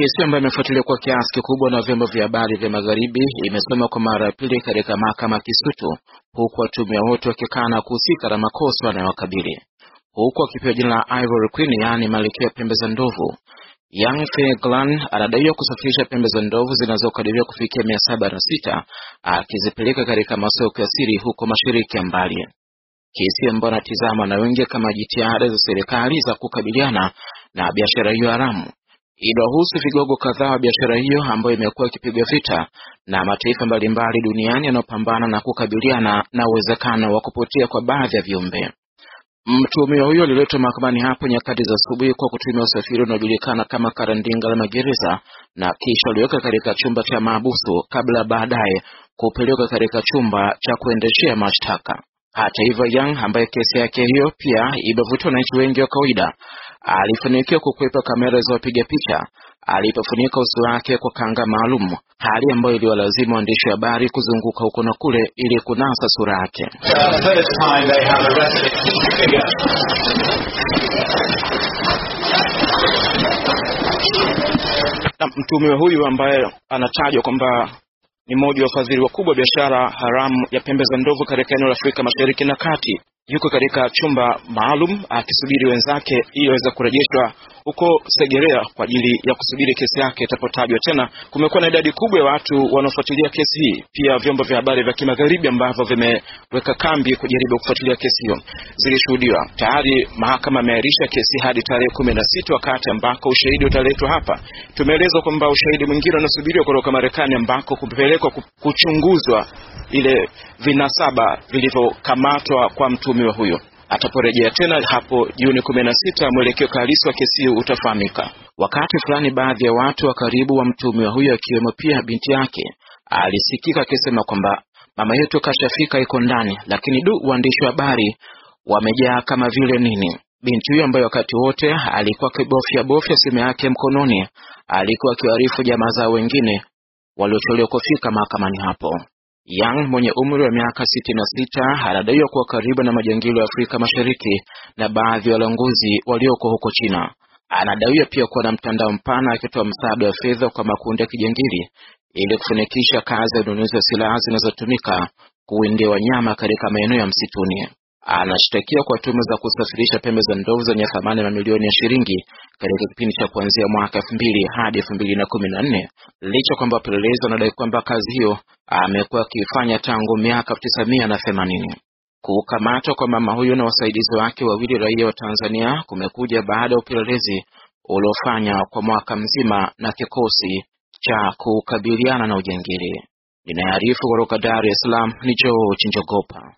Kesi ambayo imefuatiliwa kwa kiasi kikubwa na vyombo vya habari vya magharibi imesoma kwa mara ya pili katika mahakama ya Kisutu, huku watumia wote wakikana kuhusika na makosa wanayowakabili. huku akipewa jina la Ivory Queen, yaani malikia ya pembe za ndovu. Yang Fenglan anadaiwa kusafirisha pembe za ndovu zinazokadiriwa kufikia mia saba na sita akizipeleka katika masoko ya siri huko mashariki ya mbali, kesi ambayo anatizama na wengi kama jitihada za serikali za kukabiliana na biashara hiyo haramu inawahusu vigogo kadhaa wa biashara hiyo ambayo imekuwa ikipigwa vita na mataifa mbalimbali duniani yanayopambana na kukabiliana na uwezekano wa kupotea kwa baadhi ya viumbe. Mtuhumiwa huyo aliletwa mahakamani hapo nyakati za asubuhi kwa kutumia usafiri unaojulikana kama karandinga la magereza na kisha aliweka katika chumba cha maabusu kabla baadaye kupelekwa katika chumba cha kuendeshea mashtaka. Hata hivyo, Yang ambaye kesi yake hiyo pia imevutwa wananchi wengi wa kawaida alifanikiwa kukwepa kamera za wapiga picha alipofunika uso wake kwa kanga maalum, hali ambayo iliwalazima waandishi wa habari kuzunguka huko na kule ili kunasa sura yake. Na mtuhumiwa huyu ambaye anatajwa kwamba ni mmoja wa wafadhili wakubwa wa biashara haramu ya pembe za ndovu katika eneo la Afrika Mashariki na Kati yuko katika chumba maalum akisubiri wenzake ili aweze kurejeshwa huko Segerea kwa ajili ya kusubiri kesi yake itapotajwa tena. Kumekuwa na idadi kubwa ya watu wanaofuatilia kesi hii, pia vyombo vya habari vya kimagharibi ambavyo vimeweka kambi kujaribu kufuatilia kesi hiyo zilishuhudiwa tayari. Mahakama imeahirisha kesi hadi tarehe kumi na sita wakati ambako ushahidi utaletwa hapa. Tumeelezwa kwamba ushahidi mwingine unasubiriwa kutoka Marekani ambako kupelekwa kuchunguzwa ile vinasaba vilivyokamatwa kwa mtumiwa huyo. Ataporejea tena hapo Juni kumi na sita, mwelekeo halisi wa kesi hiyo utafahamika. Wakati fulani, baadhi ya watu wa karibu wa mtumiwa huyo akiwemo pia binti yake alisikika akisema kwamba mama yetu kashafika, iko ndani, lakini du, waandishi wa habari wamejaa kama vile nini. Binti huyo ambaye wakati wote alikuwa akibofya bofya simu yake mkononi, alikuwa akiwaarifu jamaa zao wengine waliochelewa kufika mahakamani hapo. Young mwenye umri wa miaka sita anadaiwa kuwa karibu na majangili wa Afrika Mashariki na baadhi ya walanguzi walioko huko China. Anadaiwa pia kuwa na mtandao mpana akitoa msaada wa fedha kwa makundi ya kijangili ili kufanikisha kazi ya ununuzi wa silaha zinazotumika kuwindia wanyama katika maeneo ya msituni anashtakiwa kwa tuhuma za kusafirisha pembe za ndovu zenye thamani mamilioni ya shilingi katika kipindi cha kuanzia mwaka elfu mbili hadi elfu mbili na kumi na nne licha kwamba wapelelezi wanadai kwamba kazi hiyo amekuwa akiifanya tangu miaka elfu tisa mia na themanini. Kukamatwa kwa mama huyo na wasaidizi wake wawili raia wa Tanzania kumekuja baada ya upelelezi uliofanywa kwa mwaka mzima na kikosi cha kukabiliana na ujangili. Ninaarifu kutoka Dar es Salaam ni George Njogopa.